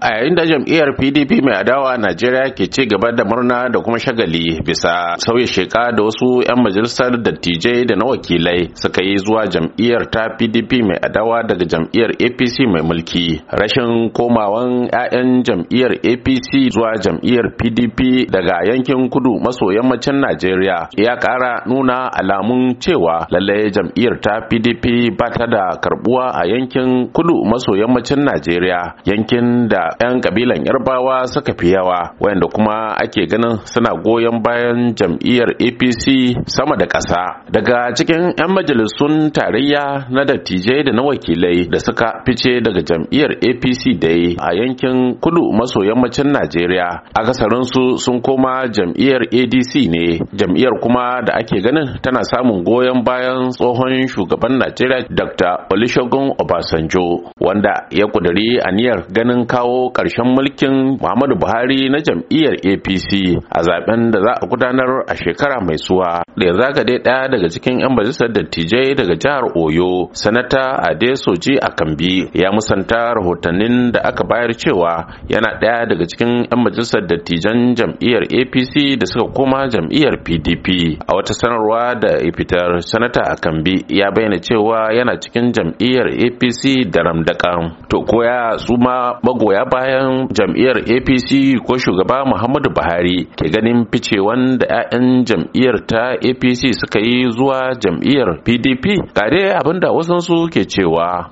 a yayin da jam'iyyar pdp mai adawa a najeriya ke ci gaba da murna da kuma shagali bisa sauya sheka da wasu 'yan majalisar dattijai da na wakilai suka yi zuwa jam'iyyar ta pdp mai adawa daga jam'iyyar apc mai mulki rashin komawan 'ya'yan jam'iyyar apc zuwa jam'iyyar pdp daga yankin kudu maso yammacin najeriya ya kara nuna alamun cewa lallai jam'iyyar ta pdp ba ta da karbuwa a yankin kudu maso yammacin najeriya yankin da 'yan kabilan yarbawa suka fi yawa wayanda kuma ake ganin suna goyon bayan jam'iyyar apc sama da ƙasa daga cikin 'yan majalisun tarayya na dattijai da na wakilai da suka fice daga jam'iyyar apc dai a yankin kudu maso yammacin najeriya akasarinsu sun koma jam'iyyar adc ne jam'iyyar kuma da ake ganin tana samun goyon bayan tsohon shugaban najeriya dr olusegun obasanjo wanda ya kudiri aniyar ganin kawo Karshen mulkin Muhammadu Buhari na jam'iyyar APC a zaben da za a gudanar a shekara mai zuwa. Da yanzu haka dai ɗaya daga cikin 'yan majalisar dattijai daga jihar Oyo, Sanata Adesoji Akambi ya musanta rahotannin da aka bayar cewa yana ɗaya daga cikin 'yan majalisar dattijan jam'iyyar APC da suka koma jam'iyyar PDP. A wata sanarwa da fitar Sanata Akambi ya bayyana cewa yana cikin jam'iyyar APC da ramdakan. To koya su ma magoya bayan jam'iyyar apc ko shugaba muhammadu buhari ke ganin ficewan da 'ya'yan jam'iyyar ta apc suka yi zuwa jam'iyyar pdp gare abinda wasansu ke cewa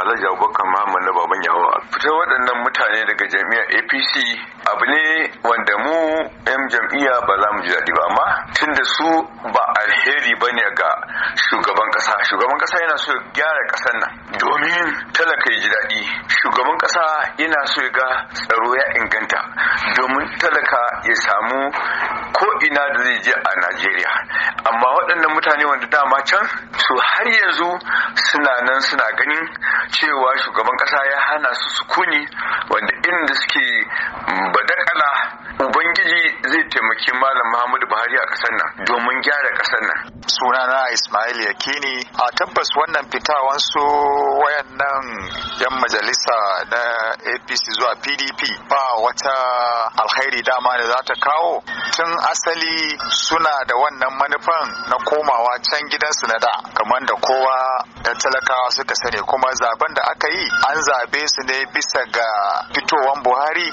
alhaji abubakar muhammad na baban yawa fitar waɗannan mutane daga jami'ar apc abu ne wanda mu 'yan jam'iyya ba za mu ji daɗi ba amma tunda su ba alheri ba ne ga shugaban ƙasa shugaban ƙasa yana so ya gyara ƙasar nan domin talaka ya ji daɗi shugaban ƙasa yana so ya ga tsaro ya inganta domin talaka ya samu ko ina da zai je a najeriya amma waɗannan mutane wanda dama can To har yanzu suna nan suna ganin cewa shugaban kasa ya hana su sukuni wanda inda suke badakala ubangiji zai taimaki malam muhammadu buhari a kasar nan domin gyara kasar nan sunana ismail yakini a tabbas wannan fitawansu wayannan yan majalisa na apc zuwa pdp ba wata alkhairi dama da za ta kawo tun asali suna da wannan manufan na komawa can gidansu na da kamar da kowa da talakawa suka sani kuma zaben da aka yi an zabe su ne bisa ga fitowan buhari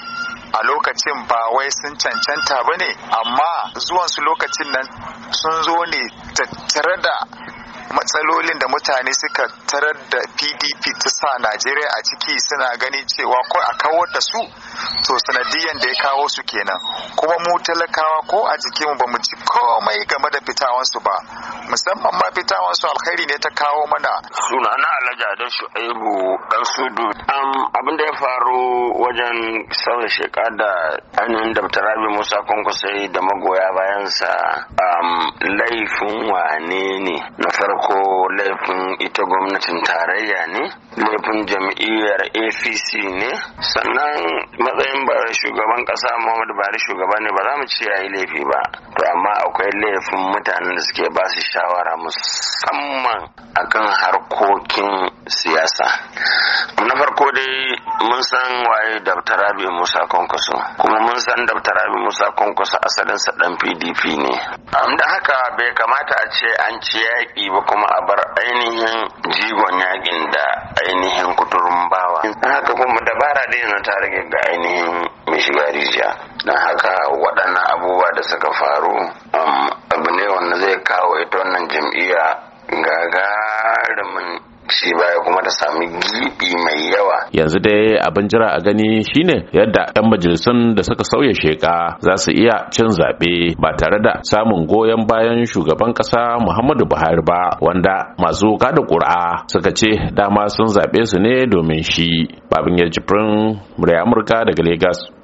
a lokacin ba wai sun cancanta ba ne amma zuwansu lokacin nan sun zo ne tattare da matsalolin da mutane suka tarar da pdp ta sa najeriya a ciki suna ganin cewa ko a kawar da su to sanadiyan da ya kawo su kenan kuma mu talakawa ko a jikinmu ba mu ci komai game da fitawansu ba musamman ma fita wasu alkhairi ne ta kawo mana suna na alhaji da shu'aibu dan sudu abin da ya faru wajen sauya sheka da ainihin ta rabi musa kwankwasai da magoya bayansa laifin wane ne na farko laifin ita gwamnatin tarayya ne laifin jam'iyyar apc ne sannan matsayin ba shugaban kasa muhammadu buhari shugaba ne ba za mu ce ya yi laifi ba to amma akwai laifin mutanen da suke ba su shawara musamman akan harkokin siyasa na farko dai mun san waye dr rabi musa kwankwaso kuma mun san dr rabi musa kwankwaso asalinsa dan pdp ne da haka bai kamata a ce an ci yaƙi ba kuma a bar ainihin jigon yaƙin da ainihin kuturun bawa haka kuma dabara da yanzu ta rage ga ainihin mai shiga rijiya don haka waɗannan abubuwa da suka faru iya gagarumin shi baya kuma ta sami gibi mai yawa yanzu dai abin jira a gani shine yadda 'yan majalisun da suka sauya sheka za su iya cin zaɓe ba tare da samun goyon bayan shugaban ƙasa muhammadu buhari ba wanda masu kada ƙura suka ce dama sun zaɓe su ne domin shi babin yajifin jibrin murya amurka daga Legas.